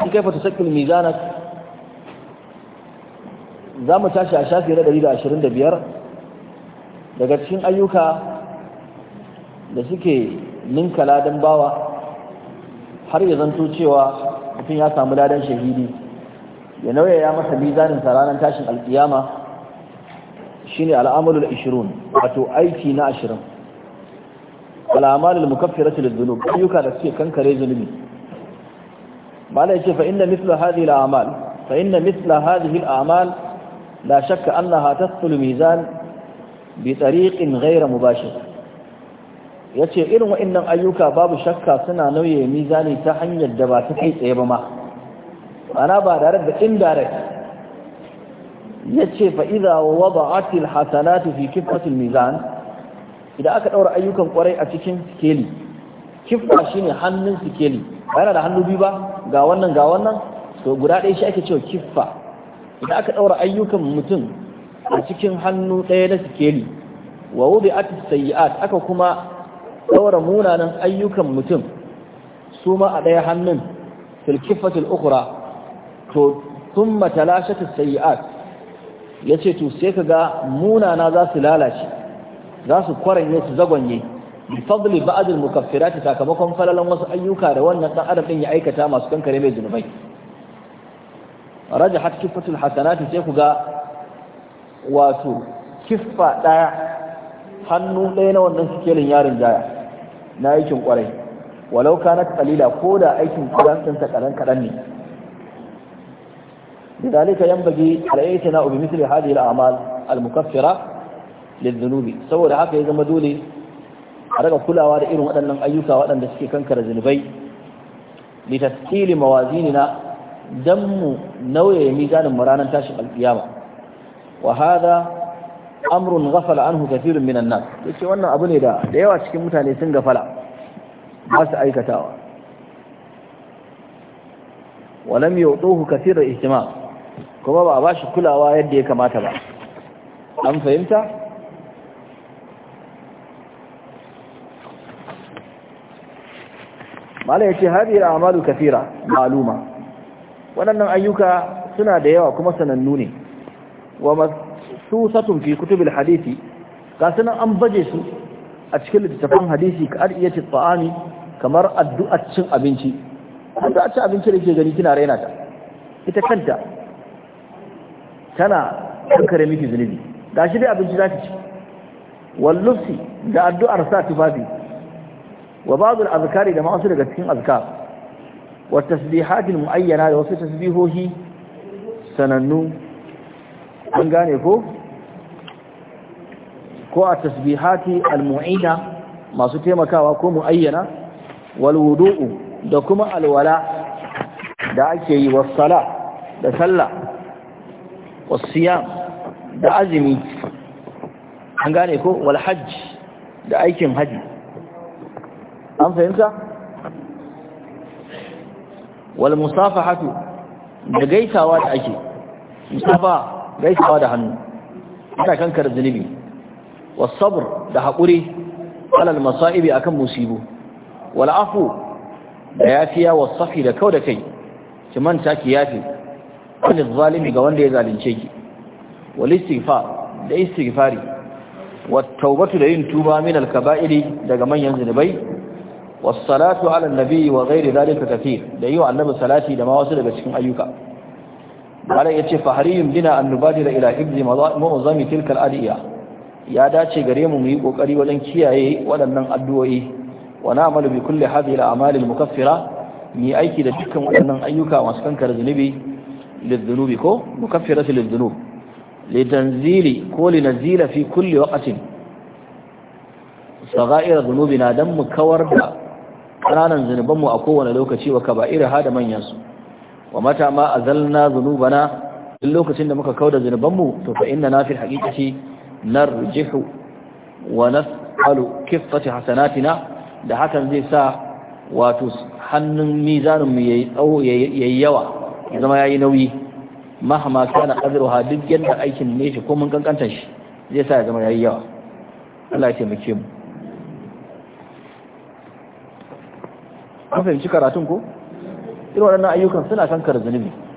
in kaifa tusakkil mizanak za mu tashi a shafi na 125 daga cikin ayyuka da suke ninka ladan bawa har ya zanto cewa mutum ya samu ladan shahidi ya nauyaya masa mizanin ranar tashin alkiyama shine al'amalul 20 wato aiki na 20 al'amalul mukaffiratul zunubi ayyuka da suke kankare zunubi بل يجي فإن مثل هذه الأعمال فإن مثل هذه الأعمال لا شك أنها تدخل ميزان بطريق غير مباشر يجي إلو إن أيوكا باب شكا سنة نوية ميزاني تحني الدباتكي سيبما أنا بعد أرد إن دارك يجي فإذا وضعت الحسنات في كفة الميزان إذا أكل أورا أيوكا قرأي أتكين سكيلي كفة شيني حنن سكيلي yana da hannu biyu ba ga wannan ga wannan to guda ɗaya shi ake cewa kiffa idan aka ɗaura ayyukan mutum a cikin hannu ɗaya na sikeli wa wubi at sayyi'at aka kuma ɗaura munanan ayyukan mutum su ma a ɗaya hannun fil kiffatil ukhra to ta talashat sayyi'at yace to sai kaga munana za su lalace za su kwaranye su zagwanye bi fadli ba'd al mukaffirat sakamakon falalan wasu ayyuka da wannan dan adam din ya aikata masu kankare mai zunubai rajahat kiffatul hasanati sai ku ga wato kiffa daya hannu ɗaya na wannan sikelin yarin jaya na aikin kwarai walau kanat qalila ko da aikin kudan sun ta kadan kadan ne لذلك ينبغي على na بمثل هذه الأعمال المكفرة saboda haka ya zama dole. a daga kulawa da irin waɗannan ayyuka waɗanda suke kankara zunubai litaskili mawazinina dan mu nauye mizanin mu ranar tashin alƙiyama wa hada amrun ghafala anhu kafirun minan nas yace wannan abu ne da da yawa cikin mutane sun gafala ba su aikatawa wa lam yuduhu kathirul ihtimam kuma ba a bashi kulawa yadda ya kamata ba an fahimta mala ya ce da al'amalu kathira maluma waɗannan ayyuka suna da yawa kuma sanannu ne wa masusatun fi kutubil hadisi ga sunan an baje su a cikin littattafan hadisi ka adiyati ta'ami kamar addu'ar cin abinci addu'ar cin abinci da ke gani kina raina ta ita kanta tana kankare miki zunubi shi dai abinci za ki ci wallufsi da addu'ar sa tufafi wa ba'd al-azkari da daga cikin aska wa tasbihat al-muayyana da wasu tasbihohi sanannu ko a tasbihati al-mu'ina masu taimakawa ko muayyana wal wudu'u da kuma alwala da ake yi sala sallah siyam da azumi da aikin haji an fahimta wal musafahatu da gaisawa da ake musafa gaisawa da hannu ta kankar zunubi was sabr da haƙuri alal masaibi akan musibu wal afu da yafiya was safi da kau kai ki manta ki yafi wani zalimi ga wanda ya zalunce ki wal istighfar da istighfari wat tawbatu da yin tuba min al kaba'iri daga manyan zunubai wasalatu ala nabi wa ghairi zalika kathir da yi wa annabi salati da ma wasu daga cikin ayyuka malam yace fa hariyun bina an nubadira ila hibzi mu'zami tilka al-adiya ya dace gare mu mu yi kokari wajen kiyaye waɗannan addu'o'i wa na'malu bi kulli hadhihi al-a'mal al-mukaffira ni aiki da dukkan waɗannan ayyuka masu kankar zunubi lidhunubi ko mukaffirati lidhunub litanzili ko linazila fi kulli waqtin sagaira dhunubina dan mu kawar da ƙananan zunubanmu a kowane lokaci wa kaba'ir ha da manyansu wa mata ma azalna zunubana duk lokacin da muka kauda zunubanmu to fa inna na fi haqiqati narjihu wa nas'alu kiffati hasanatina da hakan zai sa wato hannun mizanin mu yayi tsawo yayi yawa zama yayi nauyi mahama kana ha duk yanda aikin ne shi ko mun kankantar shi zai sa ya zama yayi yawa Allah ya taimake mu an fahimci karatun ko irin waɗannan ayyukan suna kankar zunubi